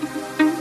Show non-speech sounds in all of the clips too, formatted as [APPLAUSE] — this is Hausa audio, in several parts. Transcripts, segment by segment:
thank you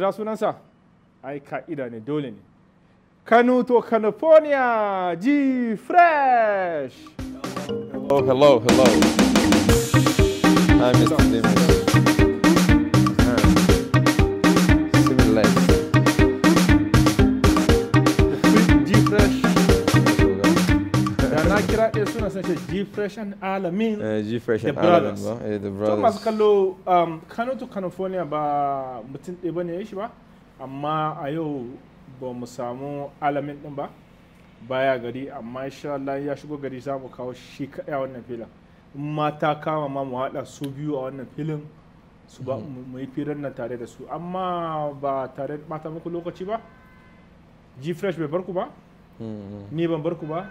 kira sunansa ai ka'ida ne dole ne kano to california g fresh hello hello hello hi mr guda suna son shi G Fresh and Alamin eh, G Fresh Alamin ba eh the brothers to masu kallo um, Kano to California ba mutum ɗaya bane ya shi ba amma a yau ba mu samu Alamin ɗin ba baya gari amma insha Allah ya shigo gari za mu kawo shi kaɗai a wannan filin mata kama ma mu haɗa su biyu a wannan filin su ba mm-hmm. mu yi firar nan tare da su amma ba tare mata muku lokaci ba g fresh bai barku ba mm-hmm. ni ban barku ba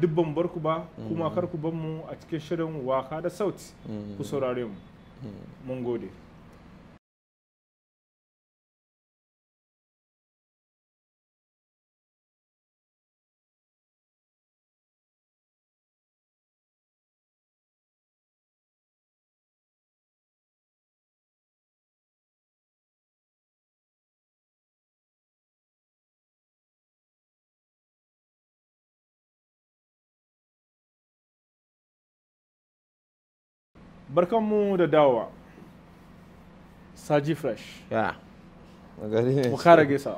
duk barku ba kuma mm. kar ku mu a cikin shirin waka da sauti ku mm. saurare mu mm. mun gode barkanmu da dawowa saji fresh ya mu kara gesa.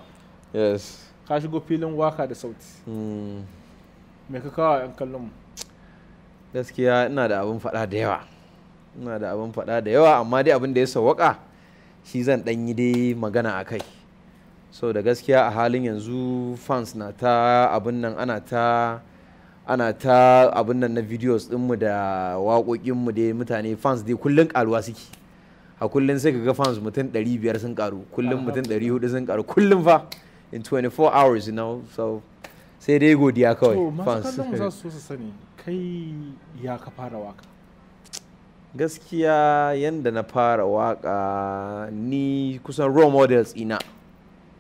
yes ka shigo filin waka da sauti hmm. me ka kawo yan kallon mu gaskiya ina da abin faɗa da yawa ina da abin faɗa da yawa amma dai abin da ya sauwaka shi zan ɗan yi dai magana a kai so da gaskiya a halin yanzu fans na ta abin nan ana ta ana ta abin nan na videos dinmu da waƙoƙinmu dai mutane fans dai kullum karuwa suke a kullum sai ga fans mutum 500 sun karu kullum mutum 400 sun karu kullum fa in 24 hours you know so sai dai godiya kawai fans to masu [LAUGHS] su sani kai ya ka fara waka gaskiya yanda na fara waka ni kusan role models ina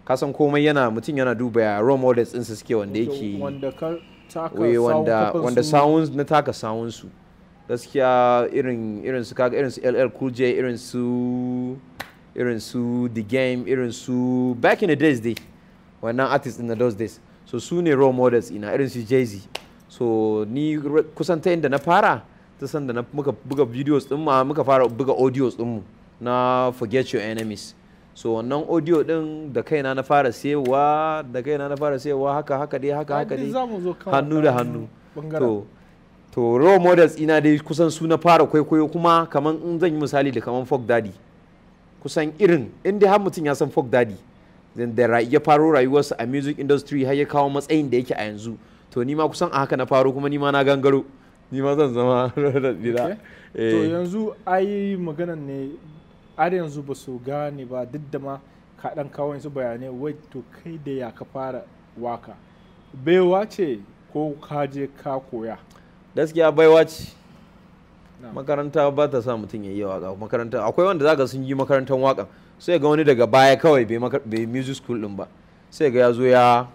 kasan komai yana mutum yana duba ya role models su suke wanda yake wanda wanda wanda sounds na taka sounds su gaskiya irin irin su kaga irin su LL Cool J irin su irin su The Game irin su back in the days dai wannan artist in the those days so su ne role models ina irin su Jay-Z so ni kusan ta inda na fara ta san da muka buga videos din ma muka fara buga audios din mu na forget your enemies so wannan audio din da kaina na fara sayowa da kaina na fara sayowa haka haka dai haka haka dai hannu da hannu to to role models ina dai kusan su na fara kwaikwayo kuma kaman in zan yi misali da kaman folk daddy kusan irin in dai har mutum ya san folk daddy da ya faro rayuwarsa a music industry har ya kawo matsayin da yake a yanzu to ni ma kusan a haka na faro kuma ni ma na gangaro ni ma zan zama [LAUGHS] to eh. yanzu ai maganan ne har yanzu ba su gane ba duk da ma kaɗan kawai su yanzu bayanai wai to kai da ya ka fara waka baiwa ce ko ka je ka koya gaskiya baiwa ce makaranta ba ta sa mutum ya yi waka makaranta akwai wanda zaka sun yi makarantar waka sai ga wani daga baya kawai bai music school din ba sai ga ya zo ya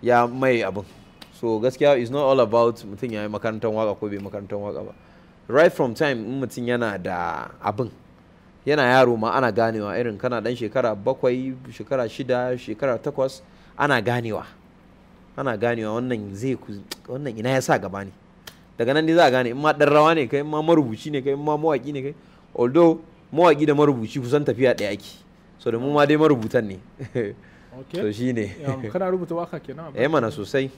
ya mai abin so gaskiya is not all about mutum ya yi makarantar waka ko bai makarantar waka ba right from time in mutum yana da abin yana yaro ma ana ganewa irin kana dan shekara bakwai shekara shida shekara takwas ana ganewa ana ganewa wannan zai wannan ina ya sa gaba ne daga nan dai za a gane in ma dan rawa ne kai ma marubuci ne kai ma mawaki ne kai although mawaki da marubuci kusan tafiya ɗaya ake so da mu ma dai marubutan ne [LAUGHS] to shine kana rubuta waka kenan eh mana sosai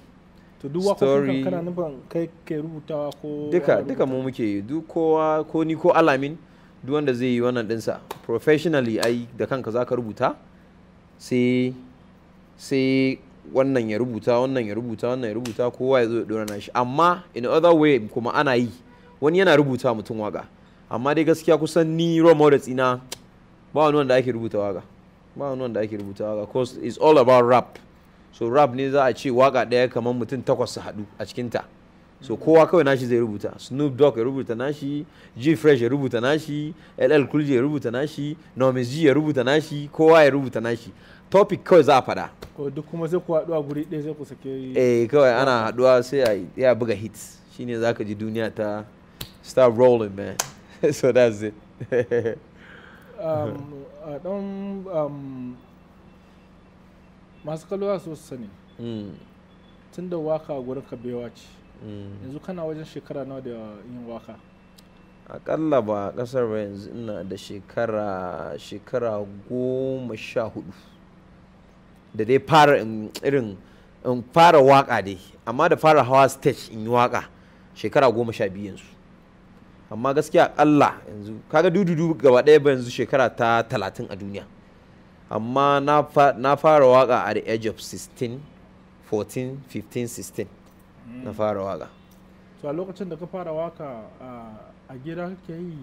to duk wakokin kana nufin kai ke rubutawa ko duka duka mu muke duk kowa ko ni ko alamin duk wanda zai yi wannan dinsa professionally ai da kanka za ka rubuta sai sai wannan ya rubuta wannan ya rubuta wannan ya rubuta kowa ya zo ya dora nashi amma in other way kuma ana yi wani yana rubuta mutum waka amma dai gaskiya kusan ni role models ina ba wani wanda ake rubuta waka ba wani wanda ake rubuta waka cause it's all about rap so rap ne za a ce waka daya kamar mutum takwas su haɗu a cikinta ta so kowa kawai nashi zai rubuta snoop dogg ya rubuta nashi g fresh ya rubuta nashi ll cool ya rubuta nashi nomis g ya rubuta nashi kowa ya rubuta nashi topic kawai za a faɗa duk kuma sai ku haɗu a guri ɗaya sai ku sake eh kawai ana haduwa sai a ya buga hit shine zaka ji duniya ta start rolling man [LAUGHS] so that's it [LAUGHS] um, dan um, masu kalwa su sani hmm. tun da waka gurin kabewa ce Mm. yanzu kana wajen shekara nawa da yin waka akalla ba a kasar ba yanzu ina da shekara shekara goma sha hudu da dai fara irin in fara waka dai amma da fara hawa stage in yi waka shekara goma sha biyu yanzu amma gaskiya akalla yanzu kaga dududu gaba ɗaya ba yanzu shekara ta talatin a duniya amma na fara waka a the age of 16 14 15 16 na fara waka to a lokacin da ka fara waka a gida kake yi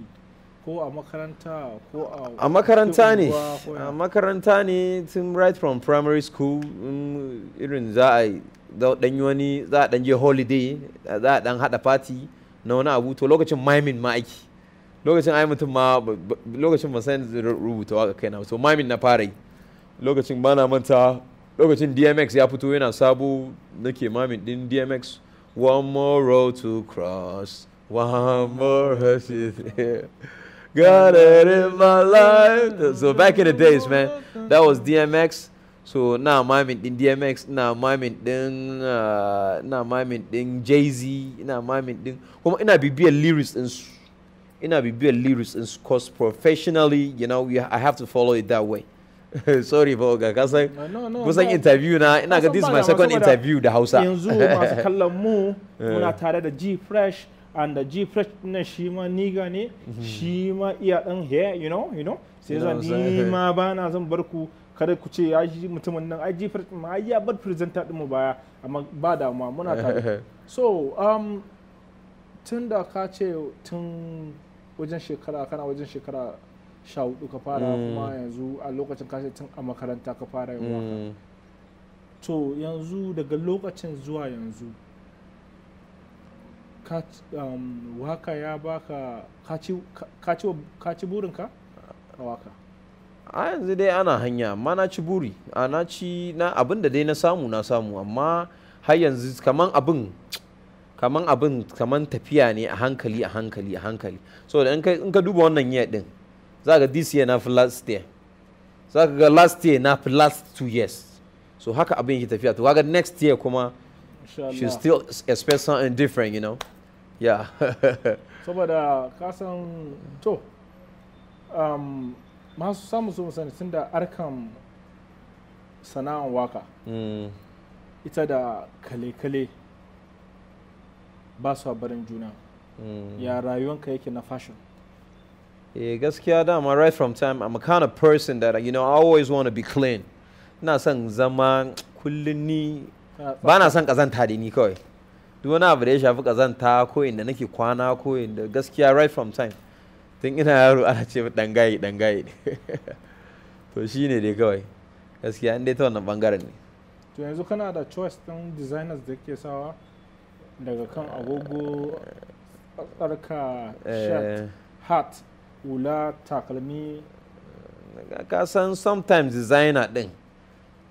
ko a makaranta ko a makaranta ne a makaranta ne tun right from primary school irin za a dan yi wani za a dan je holiday za a dan hada party na wani abu to lokacin mimin ma aiki lokacin ai mutum ma lokacin ban san rubuta waka kaina so mimin na fara yi lokacin ba na manta lokacin dmx ya fito yana sabo nake mamin din dmx one more road to cross one more [LAUGHS] got it in my life so back in the days man that was dmx so now, mamin din dmx na mamin din uh, na mamin din jay-z ina mamin din kuma ina bibiyar lyrics din su ina bibiyar lyrics din cause professionally you know i have to follow it that way [LAUGHS] sorry ba ga kasan kusan interview na ina ga this is my second interview da hausa yanzu [LAUGHS] masu kallon mu muna eh. tare da g fresh and the g fresh na shi ma niga ne mhm. shi ma iya dan here you know you know sai zan ni ma ba na zan bar ku kada ku ce ya ji mutumin nan ai g fresh ma ya bar presenter din mu baya amma ba damuwa muna tare [LAUGHS] so um tun da ka ce tun wajen shekara kana wajen shekara sha hudu ka fara mm. kuma yanzu a lokacin kashe tun a makaranta ka fara yin mm. to yanzu daga lokacin zuwa yanzu um, waka ya baka ka ci burinka a waka a yanzu dai ana hanya amma na ci buri a na ci na abin da dai na samu na samu amma har yanzu kaman abin kaman abin kaman tafiya ne a hankali a hankali a hankali so da in ka duba wannan yadin din za ga this year na fi last year za ga last year na fi last two years so haka abin yake tafiya to ga next year kuma she still expect something different you know yeah [LAUGHS] saboda kasan to um, masu samu su sani tun da arkan sana'an waka hmm. ita da kale-kale ba su barin juna hmm. ya rayuwanka yake na fashion eh gaskiya dama right from time i'm a kind of person that you know i always want to be clean ina son zama kullum ni ba na son kazanta da ni kawai duk wani abu da ya shafi kazanta ko inda nake kwana ko inda gaskiya right from time tun ina yaro ana ce dangaye dangaye [LAUGHS] to shine dai kawai gaskiya in dai ta wannan bangaren ne to yanzu kana da choice din designers da ke sawa daga kan agogo tsarka shirt eh. hat hula takalmi ka san sometimes designer din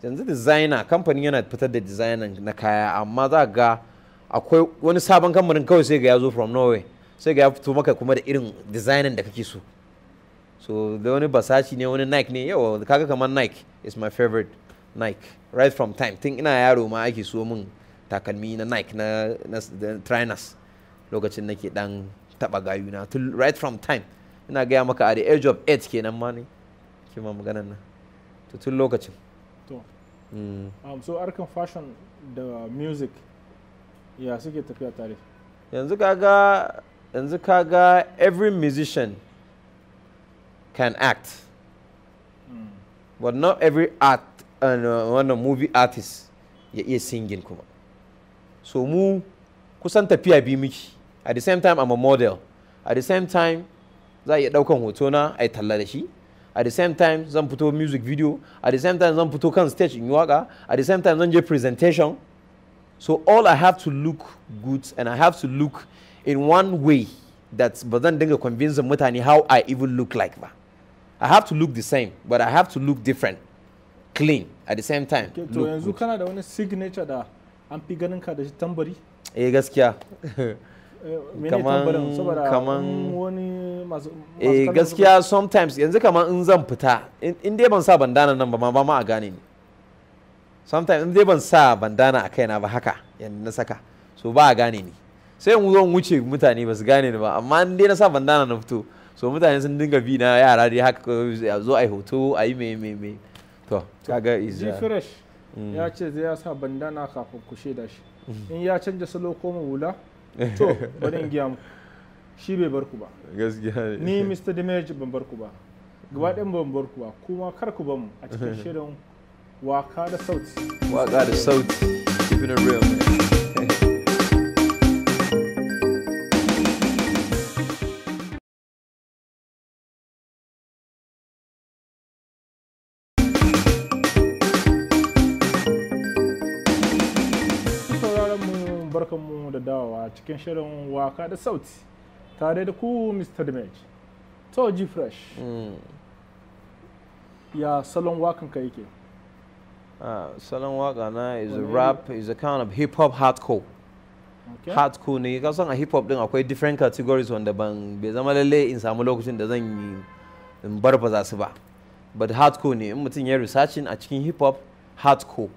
yanzu designer kamfanin yana fitar da designer na kaya amma za ga akwai wani sabon kamfanin kawai sai ga ya zo from norway sai ga ya fito maka kuma da irin designer da kake so so da wani basashi ne wani nike ne yawa kaga kamar nike is my favorite nike right from time tun ina yaro ma ake so min takalmi na nike na, na, na lokacin nake dan taba gayuna right from time ina gaya maka a the age of 8 kenan ma ne kima maganan nan to tun lokacin to mm. um, so arkan fashion da music ya suke tafiya tare yanzu kaga yanzu kaga every musician can act mm. but not every art and uh, one movie artist ya iya singing kuma so mu kusan tafiya bi miki at the same time i'm a model at the same time za a iya ɗaukan hoto na a talla da shi at the same time zan fito music video at the same time zan fito kan stage in waka at the same time zan je presentation so all i have to look good and i have to look in one way that ba zan dinga convince mutane how i even look like ba i have to look the same but i have to look different clean at the same time okay, to yanzu kana da wani signature da an fi ganin ka da tambari eh gaskiya [LAUGHS] kaman kaman eh gaskiya sometimes yanzu kaman in zan fita in dai ban sa bandana nan ba ma ba ma a gane ni sometimes in dai ban sa bandana a kaina ba haka yan na saka so ba a gane ni sai in zo wuce mutane ba su gane ni ba amma in dai na sa bandana na fito so mutane sun dinga bi na yara dai haka a zo a yi hoto a yi mai mai mai to kaga izi uh, fresh mm. ya ce zai ya sa bandana kafin ku da shi mm. in ya canja salo ko hula to [LAUGHS] bari in giya shi bai bar ku ba ni Mr. damage ban bar ku ba gaba ɗan ban bar ku ba kuma kar ku bamu mu a cikin [LAUGHS] shirin waka da sauti waka da sauti keeping it real man cikin shirin waka da sauti tare da ku mr mage to ji fresh hmm. ya salon wakan ka yake ah, salon waka na is a rap is a kind of hip hop hardcore okay. hardcore ne ka san a hip hop din akwai different categories wanda ban bai zama lalle in samu lokacin da zan yi in barbaza su ba but hardcore ne in mutum ya researching a cikin hip hop hardcore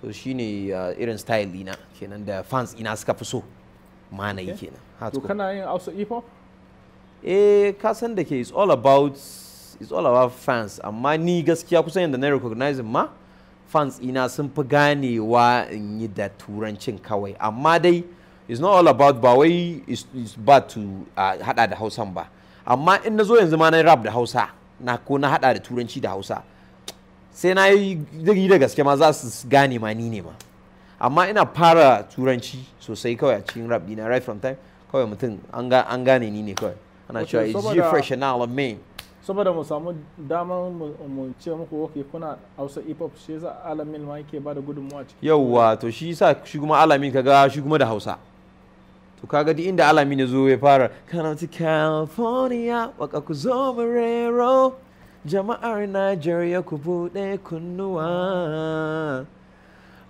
to shine ah, irin style ina kenan da fans ina suka fi so mana yi kenan to kana yin also hip e hop eh ka san da ke it's all about it's all about fans amma ni gaskiya kusan yadda na recognize ma fans ina sun fi ganewa in yi da turancin kawai amma dai it's not all about ba wai it's bad to hada da hausan ba amma in na zo yanzu ma na rap da hausa na ko na hada da turanci da hausa sai na yi da gaske ma za su gane ma ni ne ma amma ina fara turanci sosai kawai a cikin rap dina right from time kawai mutum an gane ni ne kawai ana cewa is you fresh and all me saboda mu samu damar mu ce muku ok kuna hausa hip hop shi yasa alamin ma yake bada gudunmuwa ciki yawwa to shi yasa shi kuma alamin kaga shi kuma da hausa to kaga duk inda alamin ya zo ya fara kana ta california waka ku zo marero jama'ar nigeria ku bude kunnuwa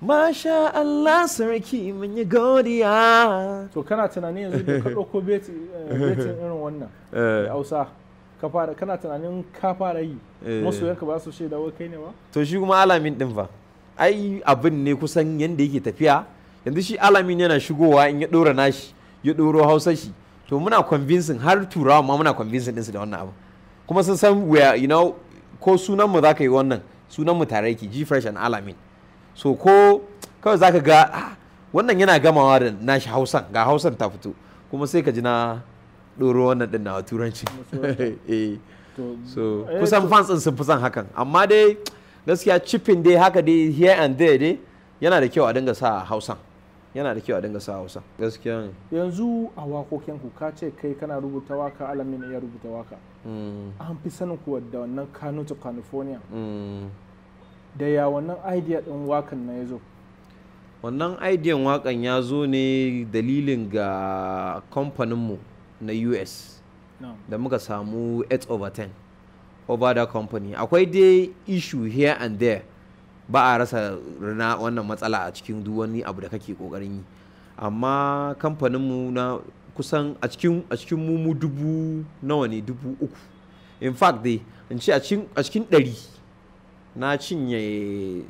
Masha Allah sarki mun yi godiya. To kana tunanin yanzu da ka [LAUGHS] ɗauko eh, betin irin wannan eh. Hausa. kana tunanin ka fara yi eh. yanka ba su shaida wai kai ne ba? To shi kuma alamin din fa. Ai abin ne kusan yanda yake tafiya. Yanzu shi alamin yana shigowa in ya ɗora nashi ya ɗoro Hausa shi. To muna convincing har turawa ma muna convincing ɗinsu da wannan abu. Kuma sun san you know ko sunan mu za ka yi wannan sunan mu tare ki G Fresh and Alamin. so ko kawai zaka ga ah, wannan yana gamawa da nashi hausan ga hausan ta fito kuma sai ka ji na ɗoro wannan ɗin na turanci [LAUGHS] eh. so eh, kusan fans sun fi son hakan amma dai gaskiya chipping dai haka dai here and there dai yana da kyau a dinga sa hausan yana da kyau a dinga sa hausan gaskiya yanzu a wakokin ku ka ce kai kana rubuta waka alamin iya rubuta waka mm. an fi sanin ku da wannan kano to california mm. da ya wannan idea din wakan na ya zo wannan idean wakan ya zo ne dalilin ga kamfaninmu na us da muka samu 8 over 10 over that company akwai dai issue here and there ba a rasa rana wannan matsala a cikin duk wani abu da kake kokarin yi amma kamfaninmu na kusan a cikin a cikin mumu dubu nawa ne dubu uku in fact dai in ce a cikin dari. na cinye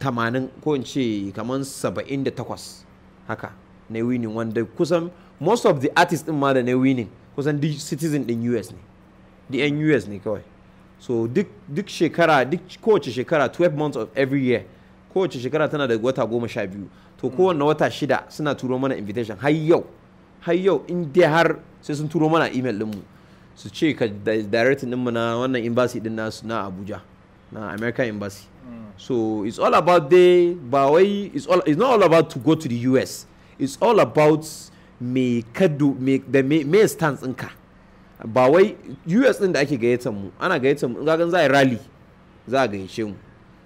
80 ko in ce kamar 78 haka na winning wanda kusan most of the artists din ma da na winning kusan di citizen din US ne di yan US ne kawai so duk duk shekara duk kowace shekara 12 months of every year kowace shekara tana da wata goma sha biyu to hmm. kowanne wata shida suna turo mana invitation har yau har yau in dai har sai sun turo mana email dinmu su ce ka directing dinmu na wannan embassy din nasu na Abuja na American embassy. Mm. So it's all about the bawai. It's all. It's not all about to go to the US. It's all about me kadu me the me me stance inka Ba wai US ɗin da ake gayyatar mu ana gayyatar mu in ga za a yi rally za a gayyace mu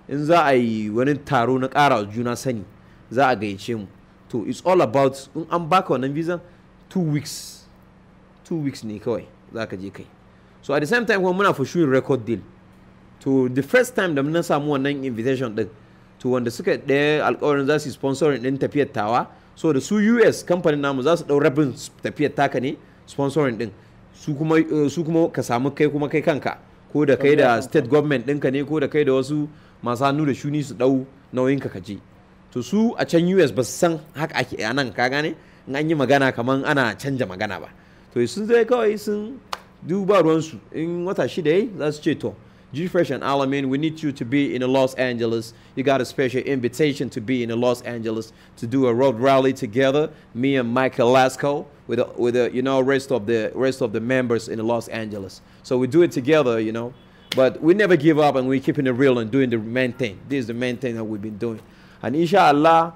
in za a yi wani taro na ƙara juna sani za a gayyace mu to it's all about in an baka wannan visa two weeks two weeks ne kawai za ka je kai so at the same time kuma muna for sure record deal to the first time da na samu wannan invitation din to wanda suka ɗaya alkawarin za su sponsoring din tafiyar tawa so da su US kamfanin namu za su ɗau rabin tafiyar taka ne sponsoring din su kuma eh, su kuma ka samu kai kuma kai kanka ko da kai da state government ɗinka ne ko da kai da wasu masu hannu da shuni su ɗau nauyinka ka je to su a can US ba su san haka ake a nan ka gane in an yi magana kamar ana canja magana ba to sun zai kawai sun duba ruwansu in wata shida yi za su ce to Fresh and Alamin, we need you to be in Los Angeles. You got a special invitation to be in Los Angeles to do a road rally together, me and Michael Lasco, with the, with the, you know rest of the rest of the members in Los Angeles. So we do it together, you know. But we never give up and we're keeping it real and doing the main thing. This is the main thing that we've been doing. And inshallah,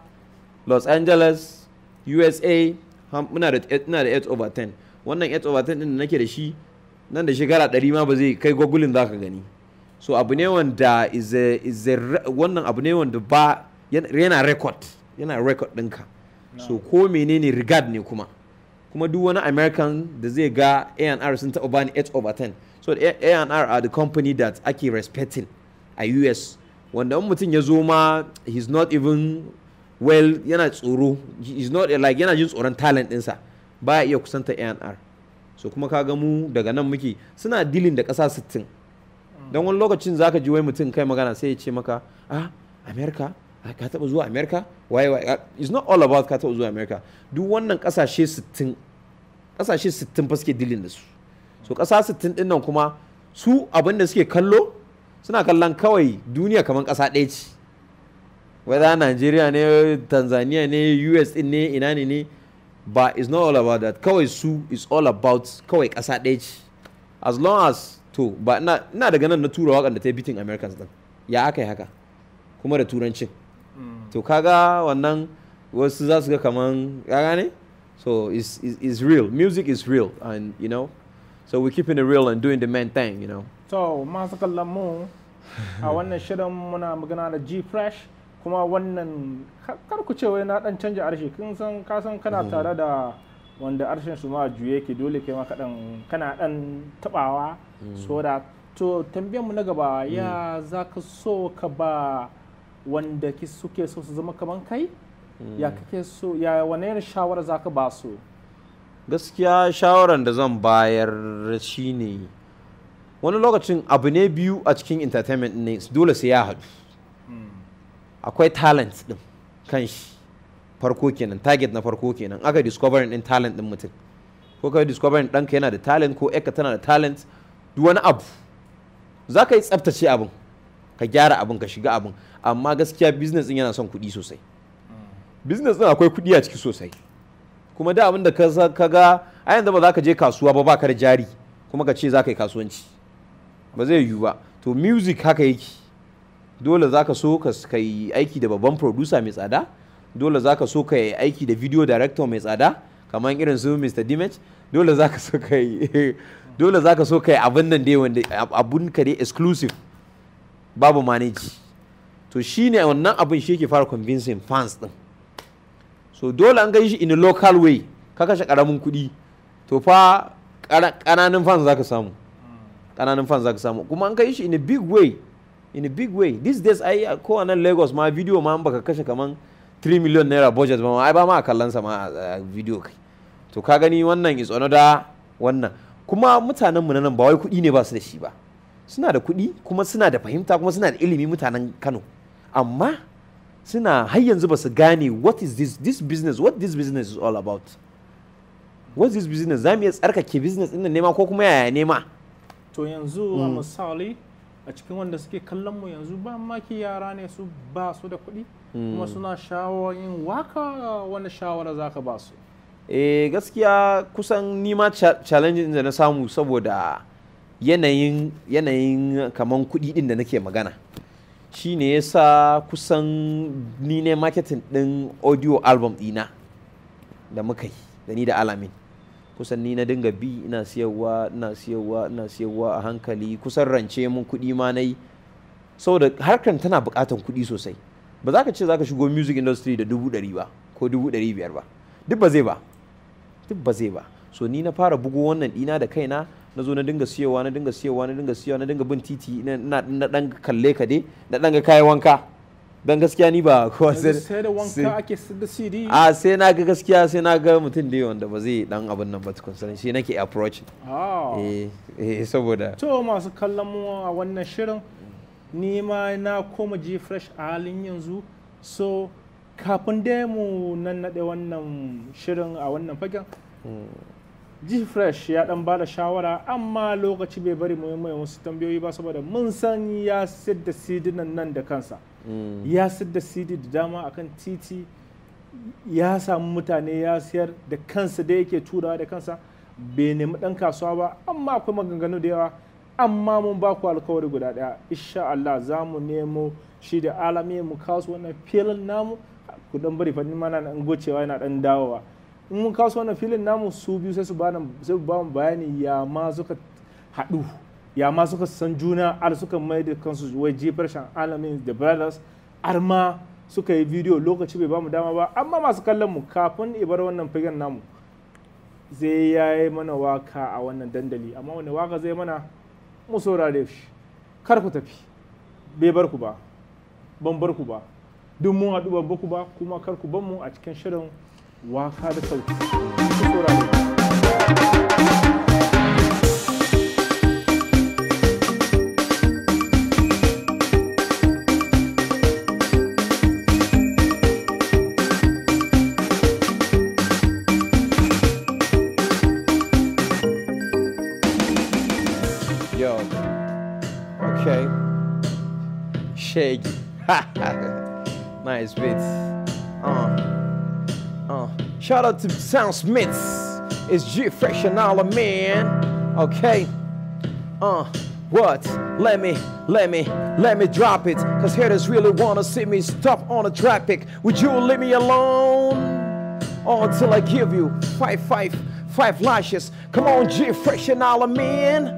Los Angeles, USA, muna da ina 8 over 10. Wannan 8 over 10 din da nake da nan da shekara 100 ma ba zai kai gogulin zaka gani. so abu ne wanda is a, wannan abu ne wanda ba yana record yana record ɗinka so ko menene regard ne kuma kuma duk wani american da zai ga anr sun taɓa bani 8 over 10 so anr are the company that ake respecting a us wanda wani mutum ya zo ma he's not even well yana tsoro he's not like yana jin tsoron talent ɗinsa ba ya iya kusanta anr so kuma ka mu daga nan muke suna dilin da ƙasa 60 don wani lokacin zaka ji wai mutum kai magana sai ya ce maka a ah, america ah, ka taɓa zuwa america why why ah, it's not all about ka taɓa zuwa america duk wannan kasashe 60 kasashe 60 fa suke dilin da su so kasa 60 din nan kuma su abin da suke kallo suna kallon kawai duniya kamar kasa ɗaya ce whether Nigeria ne Tanzania ne US din ne ina ne ne ba it's not all about that kawai su is all about kawai kasa ɗaya ce as long as to ba ina daga nan na tura wakan da ta yi bitin americans din ya aka yi haka kuma da turancin mm. to kaga wannan wasu za su ga kaman kaga ne so is real music is real and you know so we keeping it real and doing the main thing you know to masu kallon mu a wannan shirin muna magana da g fresh kuma wannan kar ku ce wai na dan canja harshe kin san ka san kana mm-hmm. tare da wanda harshen su ma juye ke dole kai ma kana dan tabawa Mm. so da to tambayar mu na gaba ya mm. za ka so ka ba wanda ki suke so su zama kaman kai mm. ya kake so ya wane irin shawara za ka ba su gaskiya shawaran da zan bayar shine wani lokacin abu ne biyu a cikin entertainment ne dole sai ya haɗu akwai talent din kan shi farko kenan target na farko kenan aka discovering din talent din mutum ko kai discovering ɗanka yana da talent ko eka tana da talent duk wani abu za ka yi tsaftace abin ka gyara abin ka shiga abin amma gaskiya business din yana son kuɗi sosai business din akwai kuɗi a ciki sosai kuma da abin da ka ga a yanzu ba za ka je kasuwa ba ba ka da jari kuma ka ce za ka yi kasuwanci ba zai yiwu ba to music haka yake dole za ka so ka yi aiki da babban producer mai tsada dole za ka so ka yi aiki da video director mai tsada kamar irin su mr dimage dole za ka so ka yi [LAUGHS] dole za ka so kai abin nan dai wanda abun ka dai exclusive babu manage to shine wannan abin shi yake fara convincing fans din so dole an shi in a local way ka kashe karamin kuɗi to fa kananin fans za ka samu ƙananan fans za ka samu kuma an kai shi in a big way in a big way these days ai ko a nan lagos ma video ma an baka kashe kaman 3 million naira budget ba ma ai ba ma a kallon sa ma a video kai to ka gani wannan is another wannan kuma mutanenmu na nan ba wai kuɗi ne ba su da shi ba suna da kuɗi kuma suna da fahimta kuma suna da ilimi mutanen kano amma suna har yanzu ba su gane what is this this business what this business is all about what is this business za mu iya tsarkake business ɗin nema ko kuma yaya nema to yanzu a hmm. misali a cikin wanda suke kallon mu yanzu ba maki yara ne su ba su da kuɗi kuma hmm. suna shawarar yin waka wani shawara za ka ba su eh gaskiya kusan nima challenge da na samu saboda yanayin yanayin kaman kuɗi ɗin da nake magana shi ne ya sa kusan ni ne marketing ɗin audio album ɗina da muka yi da ni da alamin kusan ni na dinga bi ina siyarwa ina siyarwa ina siyarwa a hankali kusan rance mun kuɗi ma na yi saboda harkar tana buƙatar kuɗi sosai ba za ka ce za ka shigo music industry da dubu ɗari ba ko dubu ɗari biyar ba duk ba zai ba duk ba zai ba so ni na fara bugo wannan dina da kaina na zo na dinga siyowa na dinga siyowa na dinga siyowa na dinga bin titi na dan kalle ka dai na dan ga kayan wanka dan gaskiya ni ba [LAUGHS] ko sai da wanka ake da CD a sai na ga gaskiya sai na ga mutum da wanda ba zai dan abin nan ba to concern shi nake approach ah. eh eh saboda to masu kallon mu a wannan shirin ni ma na koma ji fresh a halin yanzu so kafin da mu nan naɗe wannan shirin a wannan fagen ji hmm. fresh ya ɗan bada shawara amma lokaci bai bari mu mai wasu tambayoyi ba saboda mun san ya sidda sidinan nan da kansa hmm. ya sidda cd da dama akan titi ya samu mutane ya siyar da kansa da yake turawa da kansa bai nemi dan kasuwa ba amma akwai maganganu da yawa amma mun ba ku alkawari guda daya insha Allah za mu nemo shi da alami mu kasu wannan filin namu ku dan bari fannin mana nan gocewa yana dan dawowa in mun kaso wannan filin namu su biyu sai su bana sai ba mu bayani ya ma suka haɗu ya ma suka san juna al suka mai da kansu wai jefar shan alamin da brothers har ma suka yi bidiyo lokaci bai ba mu dama ba amma masu kallon mu kafin ibar wannan fagen namu zai yayi mana waka a wannan dandali amma wani waka zai mana mu saurare shi kar ku tafi bai bar ku ba ban bar ku ba duk mun haɗu babba ku ba kuma kar ku ban mu a cikin shirin waka da sauti. guys with. Uh, uh. Shout out to Sound Smiths. It's G Fresh and all the man. Okay. Uh, what? Let me, let me, let me drop it. Cause haters really wanna see me stop on the traffic. Would you leave me alone? Or until I give you five, five, five lashes. Come on, G Fresh and all the man.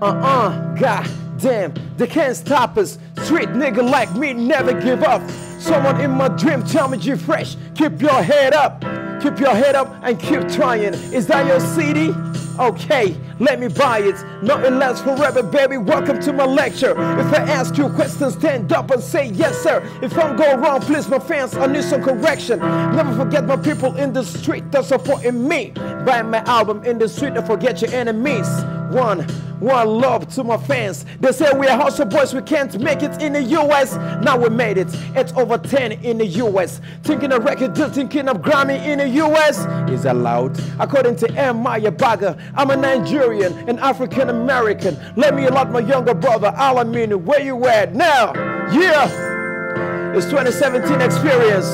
Uh uh, god damn, they can't stop us. Street nigga like me never give up. Someone in my dream tell me you're fresh. Keep your head up. Keep your head up and keep trying. Is that your CD? Okay, let me buy it. Nothing lasts forever, baby. Welcome to my lecture. If I ask you questions, stand up and say yes, sir. If I'm going wrong, please, my fans, I need some correction. Never forget my people in the street that's supporting me. Buy my album in the street and forget your enemies. One, one love to my fans. They say we are hustle boys, we can't make it in the US. Now we made it. It's over 10 in the US. Thinking of record deal, thinking of Grammy in the US is allowed. According to M. Maya Baga, I'm a Nigerian, an African American. Let me allow my younger brother, Alamini, where you at now? Yeah! It's 2017 experience.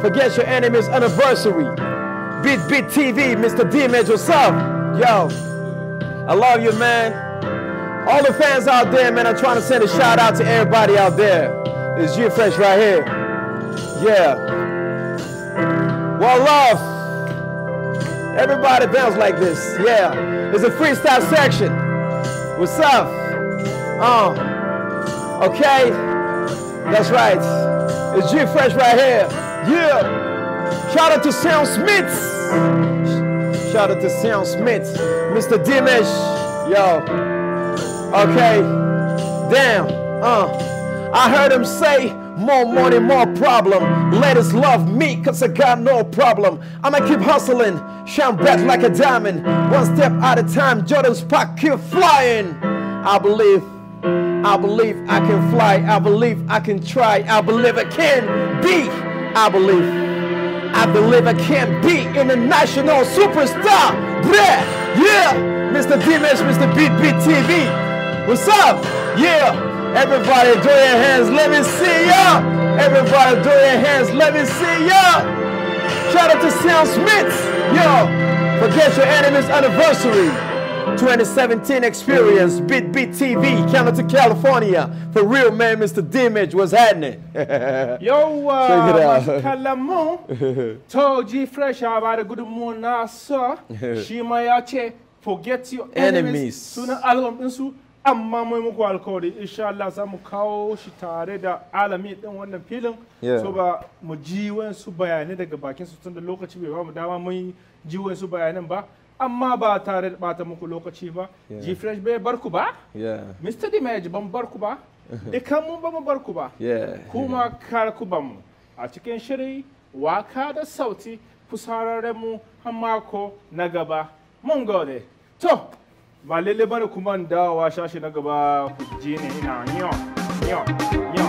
Forget your enemy's anniversary. Beat Beat TV, Mr. D Major Yo. I love you, man. All the fans out there, man, I'm trying to send a shout out to everybody out there. It's you fresh right here. Yeah. Well, love. Everybody bounce like this. Yeah. It's a freestyle section. What's up? Oh. Uh, okay. That's right. It's G Fresh right here. Yeah. Shout out to Sam Smith. Shout out to Sam Smith, Mr. Dimash, Yo. Okay. Damn. Uh. I heard him say, more money, more problem. Let us love me, cause I got no problem. I'ma keep hustling, shine back like a diamond. One step at a time, Jordan's pack keep flying. I believe, I believe I can fly. I believe I can try. I believe I can be. I believe. I believe I can be international superstar. Bruh, yeah, Mr. Dimash, Mr. Beat Beat TV. What's up? Yeah, everybody do your hands, let me see ya. Everybody do your hands, let me see ya. Shout out to Sam Smith, yo. Forget your enemy's anniversary. 2017 experience, Bit Bit TV, Canada to California. For real, man, Mr. Dimage, what's happening? [LAUGHS] Yo, uh, [LAUGHS] Kalamon told G Fresh about a good moon now, uh, sir. [LAUGHS] Shima yace, forget your enemies. Suna album ɗinsu, amma mai muku alkawari, insha Allah za mu kawo shi tare da alami ɗin wannan filin. So ba mu ji wayansu bayanai daga bakin su tun da lokaci bai ba mu dama mun ji wayansu bayanan ba. amma ba tare da bata muku lokaci ba ji fresh bai barku ba mr dimage ban barku ba [LAUGHS] dukkan mun ba mu barku ba kuma kar ku ban mu a cikin shiri waka da sauti fusararren mu har mako na gaba mun gode to ba lalle bane kuma dawowa shashi na gaba ku ji ne ina